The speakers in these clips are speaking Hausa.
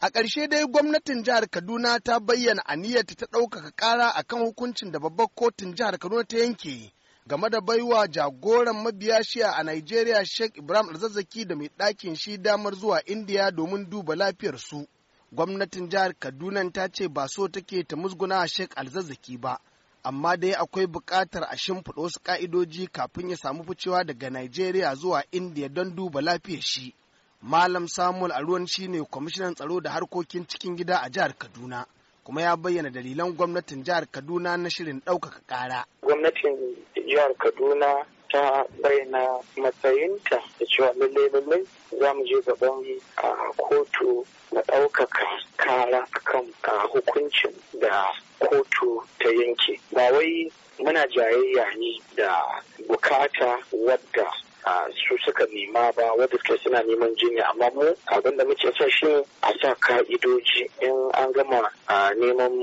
A ƙarshe dai gwamnatin jihar Kaduna ta bayyana aniyarta ta ɗaukaka ƙara a kan hukuncin da babbar kotun jihar Kaduna ta yanke game da baiwa jagoran mabiya shi a Najeriya Sheikh Ibrahim Alzazzaki da mai ɗakin shi damar zuwa India domin duba lafiyar su. Gwamnatin jihar Kaduna ta ce ba so take ta musguna Sheikh Alzazzaki ba, amma dai akwai buƙatar a shimfiɗa wasu ƙa'idoji kafin ya samu ficewa daga Najeriya zuwa India don duba lafiyar shi. Malam Samuel Aruwan shine kwamishinan tsaro da harkokin cikin gida a jihar Kaduna. kuma ya bayyana dalilan gwamnatin jihar Kaduna na shirin ɗaukaka ƙara. Gwamnatin jihar Kaduna ta bayyana matsayinta da cewa lallai lallai za mu je gaban a kotu na ɗaukaka kara kan hukuncin da kotu ta yanke ba wai muna jayayya ne da bukata wadda su suka nema ba wadda suke suna neman jinya amma mu abin da muke son shi a sa ka'idoji in an gama neman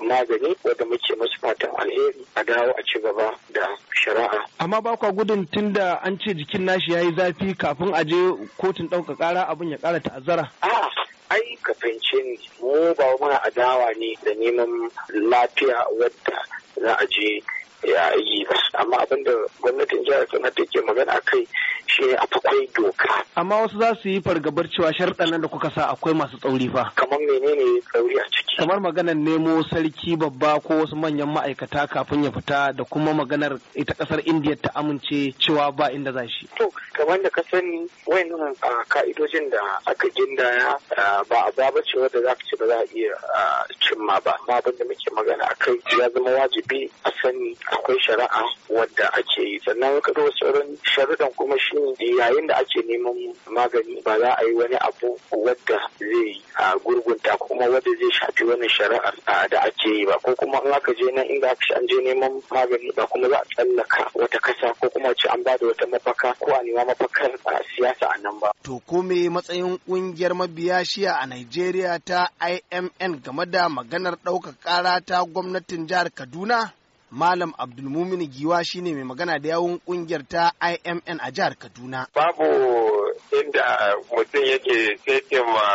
magani wanda muke musu fatan alheri a dawo a ci gaba da shari'a. Amma ba kwa gudun tunda an ce jikin nashi ya yi zafi kafin a je kotun ɗauka ƙara abin ya ƙara ta'azzara. A'a ai ka fahimce ni mu ba muna adawa ne da neman lafiya wadda za a je ya yi ba amma abinda gwamnatin jihar kano take magana a kai ce akwai doka. Amma wasu za su yi fargabar cewa sharɗan nan da kuka sa akwai masu tsauri fa. Kamar menene tsauri a ciki? Kamar maganar nemo sarki babba ko wasu manyan ma'aikata kafin ya fita da kuma maganar ita ƙasar Indiya ta amince cewa ba inda za shi. To kamar da ka sani wayannan ka'idojin da aka gindaya ba a ba bace wanda za ka ce ba za a iya cimma ba. Amma abin da muke magana a akai ya zama wajibi a sani akwai shari'a wadda ake yi sannan ka sauran sharuɗan kuma shi Eh, yayin da ake neman magani ba za a yi wani abu wadda zai gurgunta kuma wadda zai shafi wani shari'ar da ake yi ba ko kuma in aka je nan inda aka an je neman magani ba kuma za a tsallaka wata kasa ko kuma ce an bada wata mafaka ko a nema mafakar siyasa a nan ba. To ko me matsayin kungiyar mabiya shiya a Najeriya ta IMN game da maganar ɗaukar ƙara ta gwamnatin jihar Kaduna? Malam Abdulmumin Giwa shine mai magana da yawun kungiyar ta IMN a jihar Kaduna. Babu inda mutum yake setin ma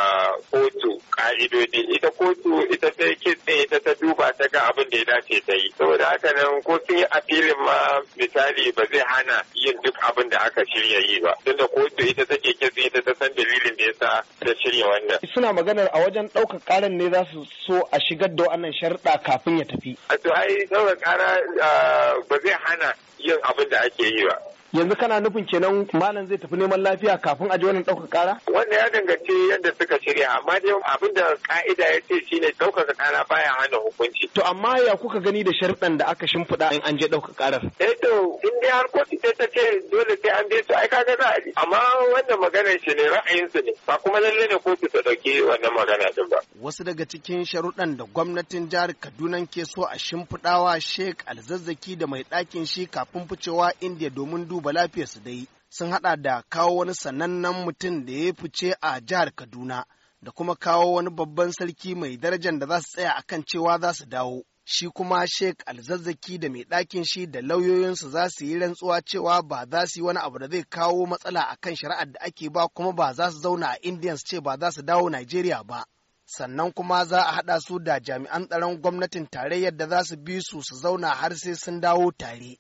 kotu ka'idodi ita kotu ita ta kitse ita ta duba ta ga abin da ya dace ta yi. Saboda haka nan ko sun yi afilin ma misali ba zai hana yin duk abin da aka shirya yi ba. Tunda kotu ita take kitse ita ta san dalili. yasa ta shirya wanda. Suna maganar a wajen ɗaukar ƙarar ne za su so a shigar da wannan sharɗa kafin ya tafi. To ai ɗaukar ƙara ah, ba zai hana yin abin da ake yi ba. yanzu kana nufin kenan malam zai tafi neman lafiya kafin a ji wannan ɗaukar ƙara? Wannan ya danganci yadda suka shirya amma dai abin da ka'ida ya ce shine ɗaukar ƙara baya hana hukunci. To amma ya kuka gani da sharɗan da aka shimfiɗa in an je ɗaukar ƙarar? Eh to in dai har kotu ta ce dole sai an bi su ai kaga za a ji amma wannan maganar shi ne ra'ayinsu ne ba kuma lalle ne kotu ta ɗauki wannan magana din ba. Wasu daga cikin sharuɗan da gwamnatin jihar Kaduna ke so a shimfiɗawa Sheikh Alzazzaki da mai ɗakin shi kafin ficewa Indiya domin duba lafiyarsu dai sun hada da kawo wani sanannen mutum da ya fice a jihar Kaduna da kuma kawo wani babban sarki mai darajar da za su tsaya akan cewa za su dawo. Shi kuma Sheikh Alzazzaki da mai ɗakin shi da lauyoyinsu za su yi rantsuwa cewa ba za su yi wani abu da zai kawo matsala akan shari'ar da ake ba kuma ba za su zauna a Indians ce ba za su dawo Najeriya ba. sannan kuma za a haɗa su da jami'an tsaron gwamnatin tare yadda za su bi su su zauna har sai sun dawo tare.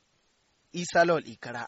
Isa Lawal Ikara,